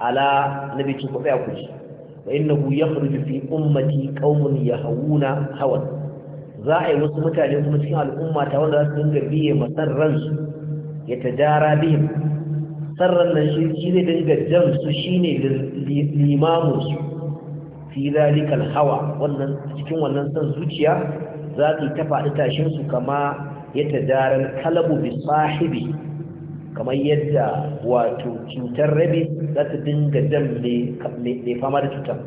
ala nabi ci ku tsaya ku ji wa innahu yakhruju fi ummati qaumun yahawuna hawan za a yi wasu mutane kuma cikin al'umma ta wanda za su dinga biye masar ransu ya ta jara bihim sarran nan shi shi zai dinga jan su shi ne su fi zalikal hawa wannan cikin wannan san zuciya za su yi ta faɗi tashin su kama ya tajaran kalabu bi sahibi kamar yadda wato cutar rabi za ta dinga dam mai fama da cutar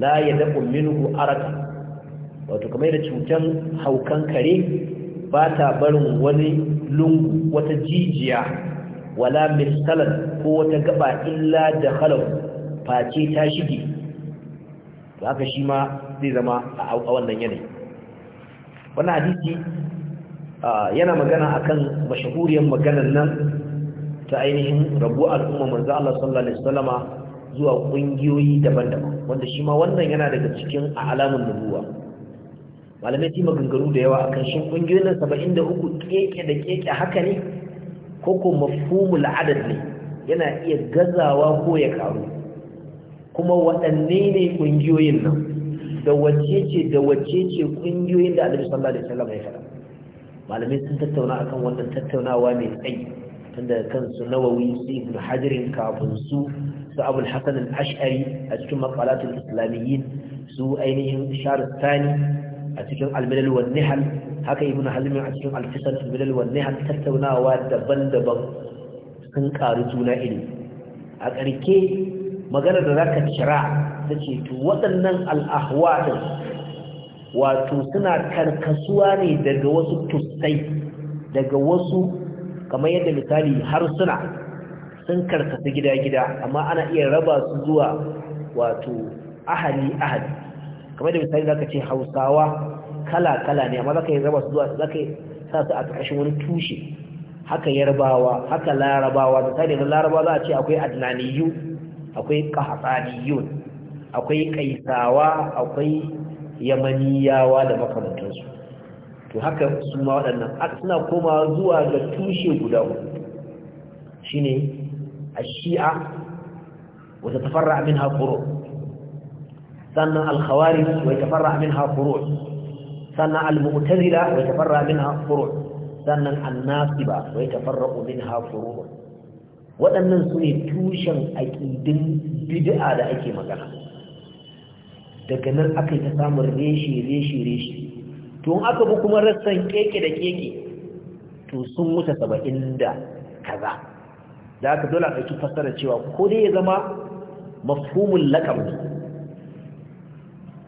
la ya daɓo minuhu araka wato kamar yadda cutar haukan kare ba ta barin wani lungu wata jijiya wala mistalan ko wata gaba illa da halau face ta shige ba haka shi ma zai zama a wannan yanayi wannan hadisi yana magana akan mashahuriyar maganar nan ta ainihin rabu al'umma manzo Allah sallallahu alaihi wasallama zuwa kungiyoyi daban-daban wanda shi ma wannan yana daga cikin alamun nubuwa malamai su maganganu da yawa akan shin kungiyoyin 73 keke da keke haka ne ko ko mafhumul adad ne yana iya gazawa ko ya karu kuma waɗanne ne kungiyoyin nan da wacce ce da wacce ce kungiyoyin da Annabi sallallahu alaihi wasallam ya faɗa malamai sun tattauna akan wannan tattaunawa mai tsayi tun daga kansu nawawi su ibn hajarin kafin su su abul ashari a cikin makalatun islamiyyin su ainihin shahr thani a cikin al nihal haka ibn halmin a cikin al-fisal nihal tattaunawa daban-daban sun ƙaru juna ilimi a ƙarke maganar da zaka cira ta ce to waɗannan al wato suna karkasuwa ne daga wasu tussai daga wasu kamar yadda misali harsuna sun karkasa gida-gida amma ana iya raba su zuwa wato ahali-ahali kamar da misali zaka ce hausawa kala-kala ne amma zaka yi raba su zuwa zaka sa su a ƙarshen wani tushe haka yarbawa haka larabawa misali da larabawa za a ce akwai adnaniyu akwai qahtaniyu akwai kaisawa akwai yamaniyawa da makamantansu to haka su ma waɗannan suna komawa zuwa ga tushe guda shine الشيعة وتتفرع منها فروع ثم الخوارج ويتفرع منها فروع ثم المعتزلة ويتفرع منها فروع ثم الناصبة ويتفرع منها haƙuru. waɗannan su ne tushen aƙidin bid'a da ake magana daga nan aka yi ta samun reshe reshe reshe to aka bi kuma rassan keke da keke to sun wuce saba'in da kaza da aka dole a fassara cewa ko dai ya zama mafhumin lakab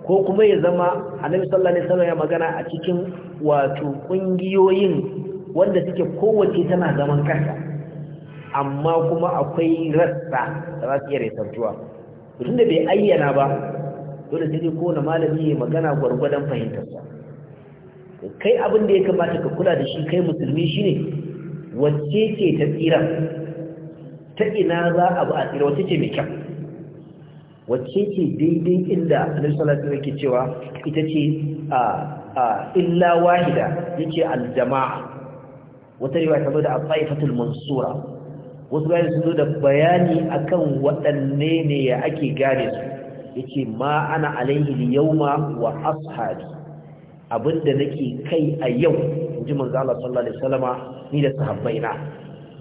ko kuma ya zama annabi sallallahu alaihi wasallam ya magana a cikin wato kungiyoyin wanda suke kowace tana zaman kanta amma kuma akwai rassa da za su iya resantuwa tunda bai ayyana ba dole sai dai kowane malami ya magana gwargwadon fahimtarsa kai abin da ya kamata ka kula da shi kai musulmi shine wacce ce ta tsira ta ina za a ba a tsira wacce ce mai kyau wacce ce daidai inda annabi sallallahu alaihi cewa ita ce a a illa wahida yake aljamaa wata riwaya ta zo da al faifatul mansura wasu bayan sun zo da bayani akan waɗanne ne ya ake gane su yace ma ana alaihi yawma wa ashabi abinda nake kai a yau inji manzo Allah sallallahu alaihi wasallama ni da sahabbaina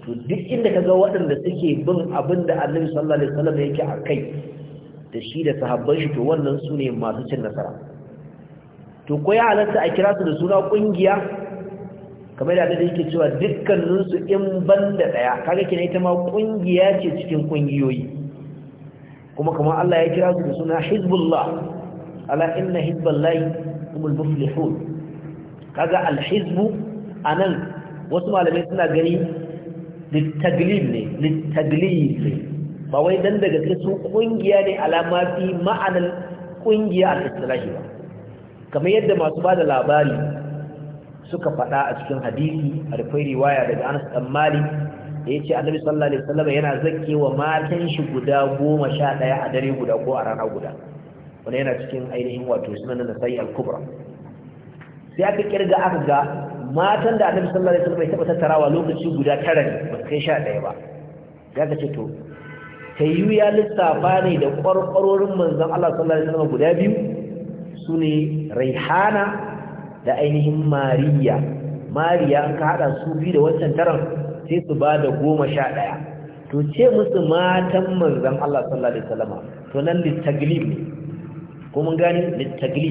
to duk inda kaga waɗanda suke bin abinda Annabi sallallahu alaihi wasallama yake a kai da shi da sahabban shi to wannan su ne masu cin nasara to ko ya halatta a kira su da suna kungiya kamar da da yake cewa dukkaninsu in banda daya kaga kina ita ma kungiya ce cikin kungiyoyi kuma kamar Allah ya kira su da suna hizbullah ala inna hizballahi humul muflihun kaga a nan wasu malamai suna gani littaglib ne littaglib ba wai dan daga gaske su kungiya ne alama fi ma'anar kungiya a istilahi ba kamar yadda masu bada labari suka faɗa a cikin hadisi a rufai riwaya daga Anas dan ya da ce Annabi sallallahu alaihi wasallam yana zakke wa matan shi guda ɗaya a dare guda ko a rana guda wani yana cikin ainihin wato sunan sai al-kubra sai aka kirga aka ga matan da annabi sallallahu alaihi wasallam ya taba tattarawa lokaci guda tara ne ba kai sha daya ba ya ka ce to tayyu ya lissafa ne da ƙwarƙwarorin manzon Allah sallallahu alaihi wasallam guda biyu sune raihana da ainihin mariya mariya an ka hada su biyu da wancan taran sai su ba da goma sha daya to ce musu matan manzon Allah sallallahu alaihi wasallam to nan littaglib ko mun gani littagli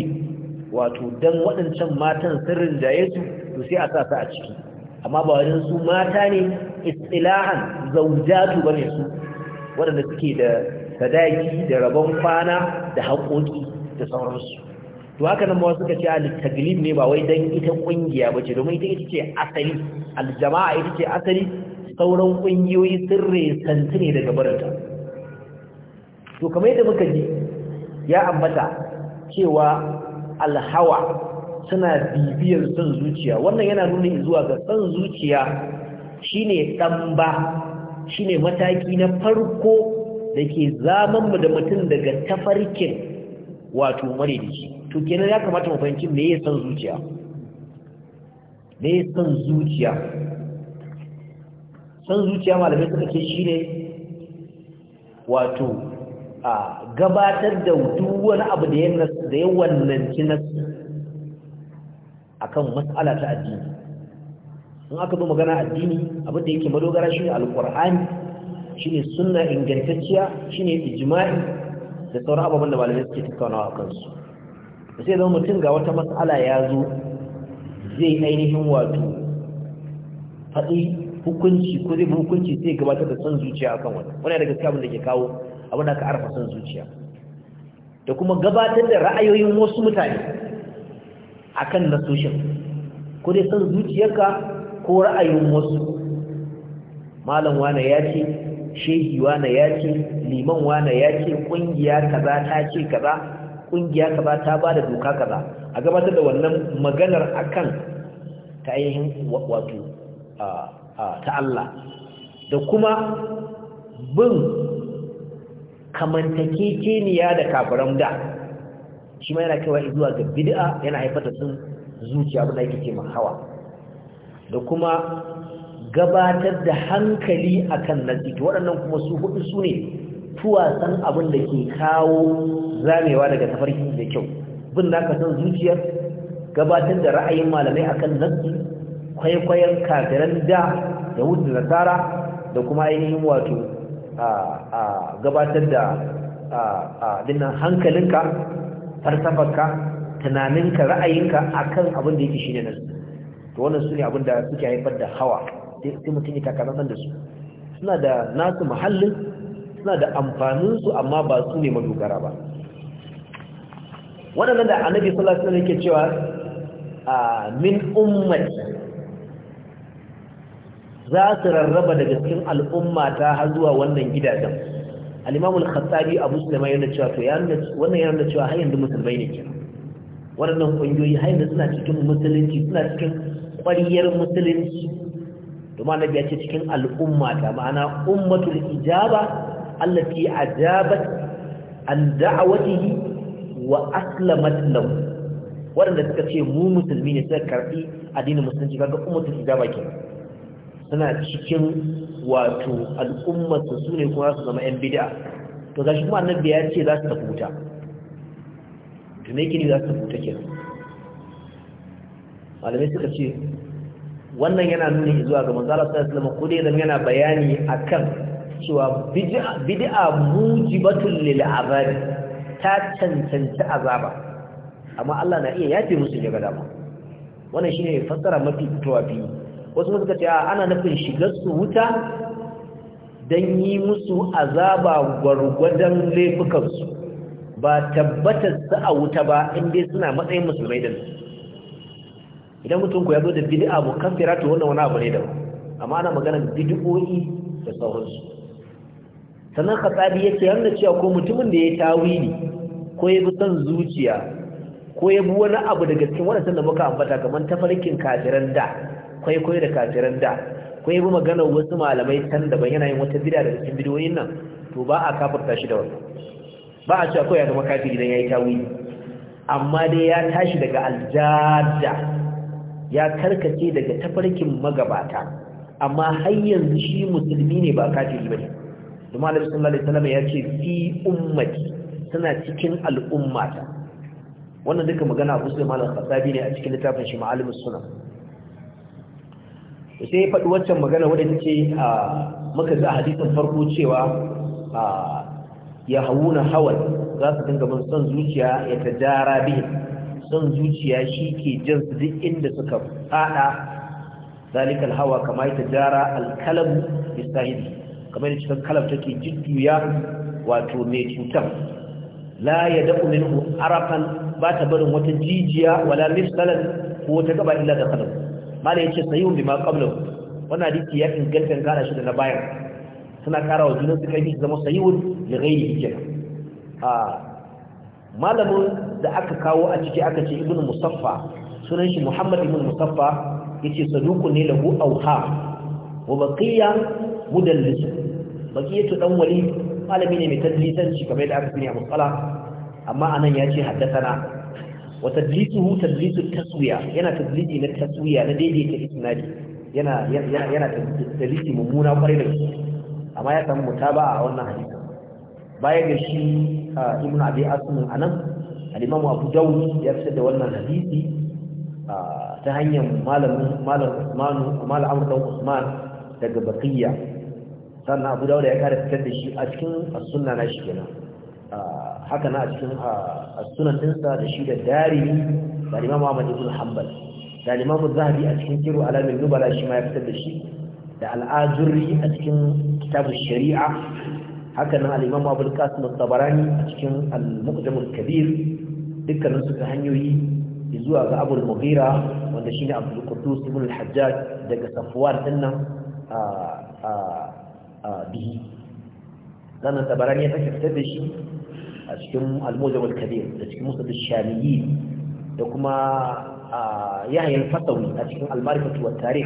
wato don waɗancan matan sirrin da su to sai a sa su a ciki amma ba wajen su mata ne istilahan zaujatu bane su waɗanda suke da sadaki da rabon kwana da haƙoƙi da sauransu to haka nan ba suka ce al-taglib ne ba wai dan ita kungiya ce, domin ita ita ce asali al ita ce asali sauran kungiyoyi sirri santi ne daga barinta to kamar yadda muka ji ya ambata cewa alhawa suna bibiyar son zuciya wannan yana nuna zuwa ga son zuciya shine ɗamba shine mataki na farko da ke zamanmu da mutum daga tafarkin wato maridici to kenan ya kamata mu fahimci me ya son zuciya me ya son zuciya son zuciya malamai suka ce shine wato a gabatar da duk wani abu da ya da ya wallanci nasu akan mas'ala ta addini in aka zo magana addini abin da yake madogara shine alqur'ani shine sunna ingantacciya shine ijma'i da sauran ababen da malamai suke tattaunawa a kansu sai zama mutum ga wata mas'ala ya zo zai ainihin wato faɗi hukunci ko zai hukunci sai gabatar da son zuciya akan wani wani daga cikin abin da ke kawo abin da aka arfa son zuciya da kuma gabatar da ra'ayoyin wasu mutane a akan nasoshin ko dai son zuciyarka ko ra'ayoyin wasu malam wane ya ce shehi wane ya ce liman wane ya ce kungiya kaza ta ce kaza kungiya kaza ta ba da doka kaza a gabatar da wannan maganar a kan ta ainihin wato ta Allah da kuma bin ya da kafiran da shi ma yana kaiwa zuwa ga bid'a yana haifar da sun zuciya abin da yake ce hawa da kuma gabatar da hankali akan nasi to waɗannan kuma su hudu su ne tuwasan abin da ke kawo zamewa daga tafarki da kyau bin naka san zuciyar gabatar da ra'ayin malamai akan nasi kwaikwayon kafiran da da wuce nasara da kuma ainihin wato gabatar da dinnan hankalinka farsafarka tunaninka ra'ayinka akan abin da yake shine nan to wannan su ne abin da suke haifar da hawa sai mutum ya takalantar da su suna da nasu muhallin suna da amfaninsu amma ba su ne madogara ba waɗannan da annabi sallallahu alaihi wasallam yake cewa min ummati za su rarraba daga cikin al'umma ta har zuwa wannan gidajen al-imamul khattabi abu sulaiman yana cewa to wannan yana cewa har yanzu musulmai ne ke waɗannan ƙungiyoyi har yanzu suna cikin musulunci suna cikin ƙwariyar musulunci domin annabi ya ce cikin al'umma ta ma'ana ummatul ijaba allati ajabat an da'awatihi wa aslamat lahu waɗanda suka ce mu musulmi ne suka karɓi addinin musulunci kaga ummatul ijaba kenan suna cikin wato al'ummarsa su ne kuma su zama 'yan bida to shi kuma annabi ya ce za su tafuta. to ne kini za su tafuta malamai suka ce wannan yana nuni zuwa ga manzara su alaihi wasallam ko dai yana bayani akan cewa bid'a muji batun lil ta cancanci azaba amma Allah na iya yafe musu ga dama wannan shine fassara mafi tawafi wasu suka ce ana nufin shigar su wuta don yi musu azaba gwargwadon laifukansu ba tabbatar su a wuta ba inda suna matsayin musulmai da idan mutum ku ya zo da bid'a mu fira to wannan wani abu ne da amma ana maganar bid'o'i da sauransu sannan katsabi yake hannu cewa ko mutumin da ya tawili ko ya bi son zuciya ko ya bi wani abu daga cikin waɗansan da muka ambata kamar tafarkin kafiran da kwaikwayo da kafiran da kwai bu maganar wasu malamai can daban yana yin wata bid'a da cikin bidiyoyin nan to ba a kafirta shi da wannan ba a cewa kawai ya zama kafiri idan yayi tawili amma dai ya tashi daga aljada ya karkace daga tafarkin magabata amma har yanzu shi musulmi ne ba kafiri bane domin Allah sallallahu alaihi wasallam ya ce fi ummati suna cikin al'ummata wannan duka magana a Sulaiman al-Khattabi ne a cikin littafin shi Ma'alimus Sunan sai ya faɗi waccan magana wadda ce a muka ji hadisin farko cewa ya na hawan za su dinga bin son zuciya ya ta jara bihin son zuciya shi ke jan su duk inda suka fada zalikal hawa kama ya ta jara alkalam istahidi kamar da cikin kalam take jujjuya wato mai cutar la ya daɓu minhu arafan ba ta barin wata jijiya wala misalan ko ta gaba illa da kalam mala yace sayyun bima qablahu wannan diki ya inganta kara shi da na bayan suna kara wa junan su kai zama sayyun li ghairi hijra a malamin da aka kawo a ciki aka ce ibnu musaffa sunan shi muhammad ibnu musaffa yace saduqun ne lahu awha wa baqiya mudallis baqiyatu dan wali malami ne mai tadlisanci kamar da aka sani a musalla amma anan yace haddathana wa tadlisuhu tadlisu taswiya yana tadlisi na taswiya na daidaita isnadi yana yana yana tadlisi mummuna kwarai da gaske amma ya samu mutaba'a a wannan hadisi baya ga shi ibnu abi asmin anan al-imam abu dawud ya fitar da wannan hadisi ta hanyar malamin malam dan usman daga baqiya sannan abu ya kare fitar da shi a cikin sunna na shi kenan haka na a cikin sunan ɗinsa da shi da darimi da imam ahmad ibn hanbal da imam zahabi a cikin kiru alamin nubala shi ma ya fitar da shi da al'azuri a cikin kitabu shari'a haka na al abul qasim tabarani a cikin al-muqdam al-kabir dukkanin su hanyoyi zuwa ga abul mughira wanda shine abdul qudus ibn al-hajjaj daga safwan dinnan a a bihi sannan tabarani ya sake fitar da shi a cikin al-mujam da cikin musnad ash-shamiyyi da kuma yahya al-fatawi a cikin al-ma'rifatu wat-tarikh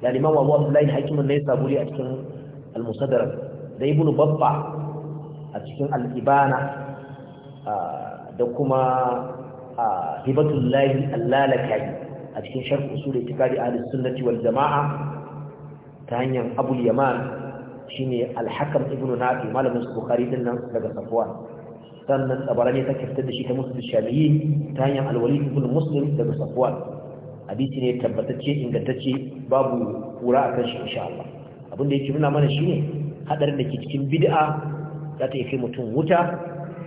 da imam abu abdullah al-hakim an-naisaburi a cikin al-musaddarak da ibn babba a cikin al-ibana da kuma hibatullahi al-lalakai a cikin sharh usul itikadi ahlus sunnati wal jama'a ta hanyar abul yaman shine al ibnu nafi malamin su bukhari din nan daga safwan sannan tabarani ta kiftar da shi ta musu ta hanyar alwali ibnu muslim daga safuwa hadisi ne tabbatacce ingantacce babu kura akan shi insha Allah abin da yake nuna mana shine hadarin da ke cikin bid'a za ta kai mutum wuta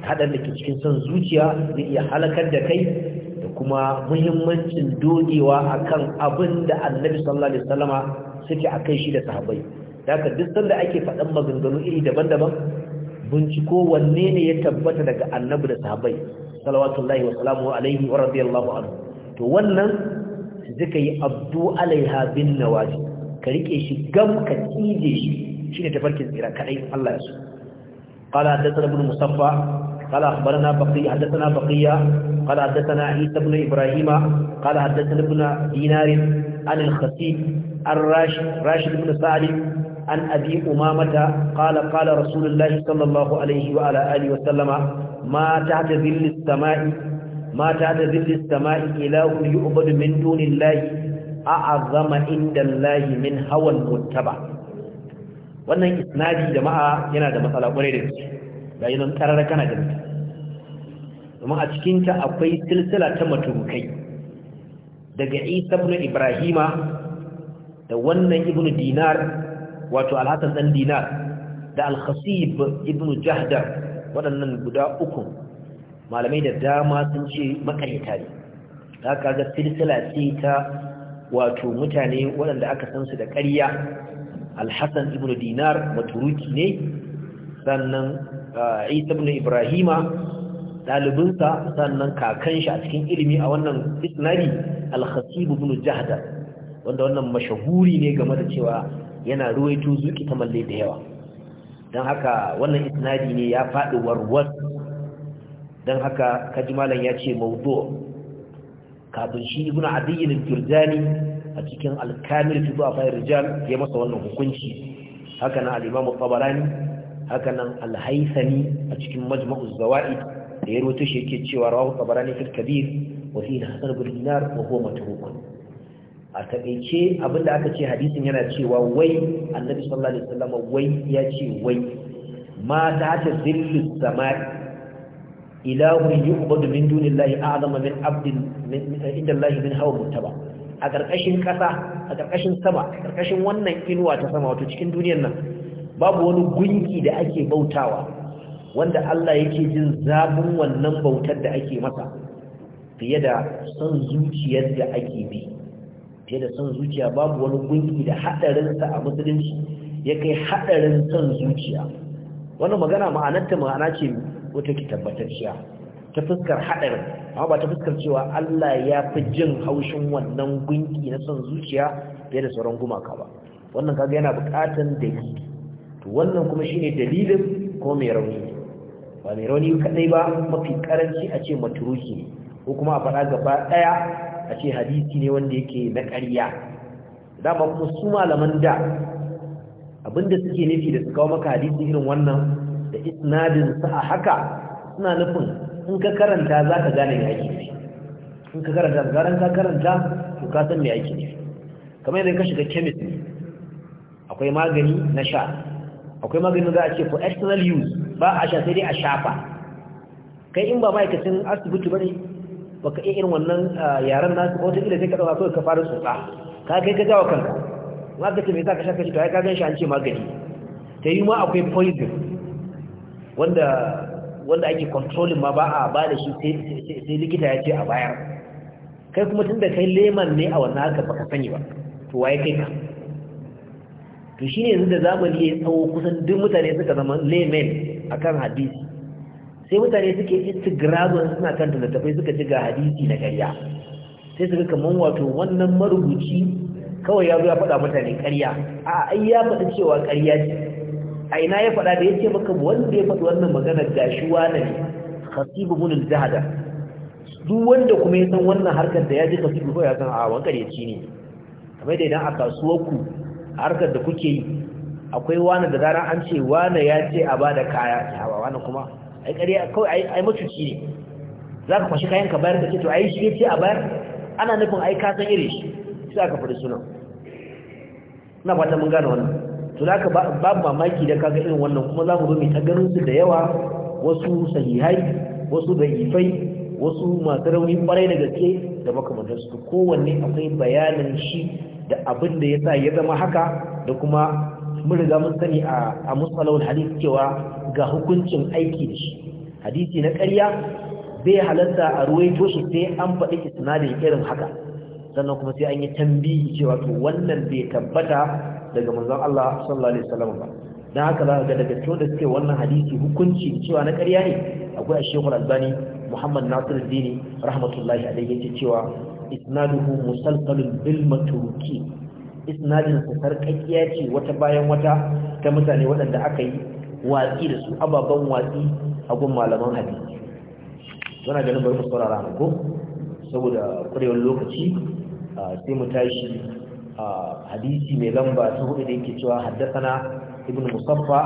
hadarin da ke cikin son zuciya zai iya halakar da kai da kuma muhimmancin dogewa akan abin da annabi sallallahu alaihi wasallama suke akai shi da sahabbai daga duk sanda ake faɗan maganganu iri daban-daban binciko wanne ne ya tabbata daga Annabu da Sahabai? sahabbai salawatullahi wa salamu alaihi wa radiyallahu anhu to wannan zaka yi abdu alaiha bin nawaji ka rike shi gam ka tije shi shi ne tafarkin tsira kaɗai, Allah ya so قال حدثنا ابن مصطفى قال أخبرنا بقية حدثنا بقية قال حدثنا عيسى بن إبراهيم قال حدثنا ابن دينار عن الخسيب عن راشد, راشد بن سعد عن أبي أمامة قال قال Sallallahu alaihi wa الله عليه وعلى آله وسلم ما تحت ذل sama'i, ما تحت ذل السماء إله يؤبد من دون الله أعظم عند الله من هوى المتبع wannan isnadi jama'a yana da matsala kware da gaske ga yanan karara kana da mutum domin a cikin ta akwai silsila ta maturukai daga Isa ibn Ibrahima da wannan ibn Dinar wato alhassan ɗan dinar da alhassib ibn jahdar waɗannan guda uku malamai da dama sun ce makarita ne da aka ga silsila ce ta wato mutane waɗanda aka san su da ƙarya alhassan ibn dinar maturuki ne sannan ah, isa ibn ibrahima ɗalibinsa sannan kakan shi a cikin ilimi a wannan isnari alhassib ibn jahdar wanda wannan mashahuri ne game da cewa yana ruwaito zuki ta malle da yawa don haka wannan isnadi ne ya faɗi warwar don haka kajimalan ya ce maudu kafin shi ibn adiyyin turjani a cikin alkamil fi zuwa fayar rijal ya masa wannan hukunci haka nan al'imamu tsabarani haka nan alhaisani a cikin majma'uz zawa'id da ya rotu shi yake cewa rawa tsabarani fil kabir wa fi hasan bin dinar wa huwa matruku a taƙaice abinda aka ce hadisin yana cewa wai annabi sallallahu alaihi wasallam wai ya ce wai ma ta ta zillu samai ilahun yu'badu min dunillahi a'zama min abdin Allah min hawa mutaba a ƙarƙashin ƙasa a ƙarƙashin sama a ƙarƙashin wannan inuwa ta sama wato cikin duniyar nan babu wani gunki da ake bautawa wanda Allah yake jin zafin wannan bautar da ake masa fiye da son zuciyar da ake bi fiye da son zuciya babu wani gunki da sa a musulunci ya kai haɗarin son zuciya wannan magana ma'anarta ma'ana ce wata ki tabbatacciya ta fuskar haɗarin amma ba ta fuskar cewa Allah ya fi jin haushin wannan gunki na son zuciya fiye da sauran gumaka ba wannan kaga yana buƙatan dalili to wannan kuma shine dalilin ko mai rauni ba mai rauni kaɗai ba mafi ƙaranci a ce maturuki ko kuma a faɗa gaba ɗaya a ce hadisi ne wanda yake na ƙarya dama kuma su malaman da abinda suke nufi da su kawo maka hadisi irin wannan da isnadin sa a haka suna nufin in ka karanta za ka gane me ake nufi in ka karanta zaran ka karanta to ka san me ake nufi kamar yadda ka shiga chemist akwai magani na sha akwai magani za a ce for external use ba a sha sai dai a shafa kai in ba ma'aikacin asibiti bane baka iya irin wannan ah, yaren nasu ko ila sai ka ɗaura kawai ka fara tsotsa ka kai ka jawo kanka ma ka ce mai sa ka shaka shi to ya ka gan an ce magani ta yi ma akwai poison wanda wanda ake controlling ma ba a ba da shi sai likita ya ce a bayar kai kuma tun da kai leman ne a wannan haka baka sani ba to waye kai ka to shine yanzu da zamani ya tsawo kusan duk mutane suka zama laymen akan hadisi sai mutane suke istigrabin suna kan tafai suka ci ga hadisi na ƙarya sai suka kaman wato wannan marubuci kawai ya zo ya faɗa mutane ƙarya a ai ya faɗi cewa ƙarya ce a ina ya faɗa da ya maka wanda ya faɗi wannan maganar shi wane ne khasibu bin al-jahada duk wanda kuma ya san wannan harkar da ya ji khasibu ko ya san a wani ƙaryaci ne kamar da idan a kasuwar ku harkar da kuke yi akwai wani da zaran an ce wani ya ce a bada kaya ya ba wani kuma ai kare kawai ai mutunci ne za ka kwashi kayan ka bayar ka ce ai shi ce a bayar ana nufin ai ka san irin shi sai aka fara sunan ina fata mun gane wannan to ba babu mamaki da kaga irin wannan kuma za mu ta mai su da yawa wasu sahihai wasu da'ifai wasu masu rauni kwarai da gaske da makamantarsu kowanne akwai bayanin shi da abin da ya ya zama haka da kuma mun riga mun sani a a musalawul hadith cewa ga hukuncin aiki da shi hadisi na ƙarya bai halarta a ruwaito shi sai an faɗi isnadin irin haka sannan kuma sai an yi tambayi cewa to wannan bai tabbata daga manzon Allah sallallahu alaihi wasallam ba dan haka za ga daga cewa da suke wannan hadisi hukunci cewa na ƙarya ne akwai Sheikh Al-Albani Muhammad Dini, rahmatullahi alaihi yace cewa isnaduhu musalsalun bil matruki isnadin sa sarƙaƙiya ce wata bayan wata ta mutane waɗanda aka yi watsi da su ababen watsi a gun malaman hadisi zana ganin bari mu saurara mu ko saboda kurewar lokaci sai mu tashi hadisi mai lamba ta hudu da yake cewa haddathana ibnu musaffa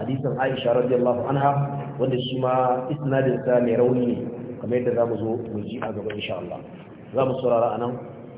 hadisin Aisha radiyallahu anha wanda shi ma isnadin sa mai rauni ne kamar yadda zamu zo mu ji a gaba insha Allah zamu saurara nan